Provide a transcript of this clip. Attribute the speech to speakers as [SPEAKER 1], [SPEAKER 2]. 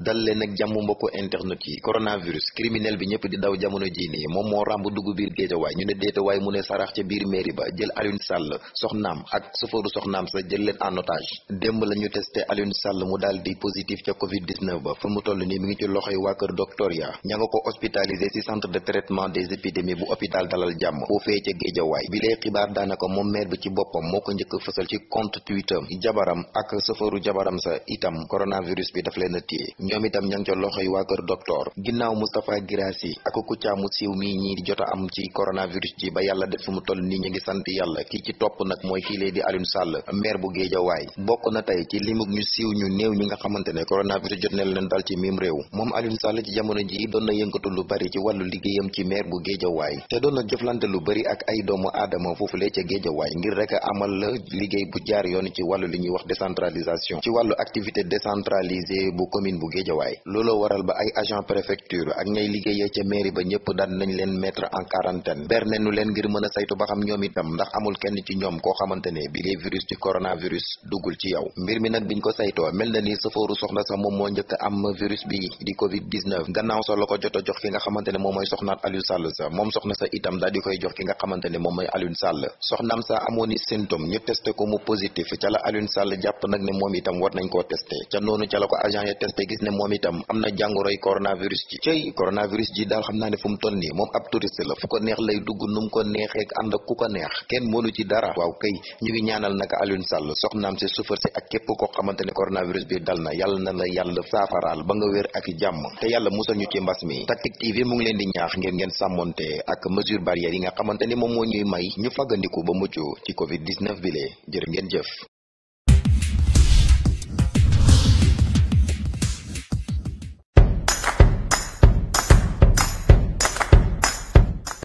[SPEAKER 1] dal leen ak jàmm mbokku internet yi coronavirus criminel bi ñëpp di daw jamono ji nii moom moo ràmb dugg biir géejawaay ñu ne déetawaay mu ne sarax ca biir mairie ba jël Alioune Sall soxnaam ak sofëru soxnaam sa jël leen en otage démb la ñu testé Alioune Sall mu daal di positif ca covid 19 ba fu mu toll nii mu ngi ci loxoy waa kër docteur ya ña nga ko hospitalisé ci centre de traitement des épidémies bu hôpital dalal jàmm foofee ca géejawaay bi xibaar daanaka moom maire bi ci boppam moo ko njëkk fësal ci compte Twitter jabaram ak sofëru jabaram sa itam coronavirus bi daf leen a téye ñoom itam ña ngi ca loxoy waa kër docteur ginnaaw Moustapha Guirassy ak Kouthia mu siiw mii ñi jot am ci coronavirus ji ba yàlla def mu toll nii ñu ngi sant yàlla kii ci topp nag mooy kii lay di Alioune Sall maire bu Guédiawaye bokk na tey ci limug ñu siiw ñu néew ñi nga xamante ne coronavirus jot na leen dal ci miim réew moom Alioune Sall ci jamono ji doon na yëngatu lu bari ci wàllu liggéeyam ci maire bu Guédiawaye te doon na jëflante lu bari ak ay doomu aadama foofule ca Guédiawaye ngir rek amal la liggéey bu jaar yoon ci wàllu li ñuy wax décentralisation ci wàllu activité décentralisée bu commune bu Géejawaay looloo waral ba ay agent préfecture ak ñay liggéeyee ca mairie ba ñëpp daan nañ leen mettre en quarantaine berne leen ngir mën saytu ba xam ñoom itam ndax amul kenn ci ñoom koo xamante bi lee virus ci coronavirus duggul ci yow mbir mi nag biñ ko saytoo mel na ni safooru soxna sax moom moo njëkk am virus bi di covid 19 gannaaw sa ko jot a jox ki nga xamante moom mooy soxnaat Aliou Sall sa moom soxna sa itam daal koy jox ki nga xamante moom itam am na jàngoroy coronavirus ji cey coronavirus ji daal xam naa ne fu mu toll nii moom ab touriste la fu ko neex lay dugg nu mu ko neexee ànd ku ko neex kenn mënu ci dara waaw kay ñu ngi ñaanal naka Alioune Sall soxnaam si suufar si ak képp koo xamante ne coronavirus bi dal na yàlla na la yàlla saafaraal ba nga wér ak jàmm te yàlla musal ñu ci mbas mi Tactic TV mu ngi leen di ñaax ngeen ngeen sàmmonte ak mesure barrière yi nga xamante ni moom moo ñuy may ñu faggandiku ba mucc ci covid 19 bi lee jërë ngeen jëf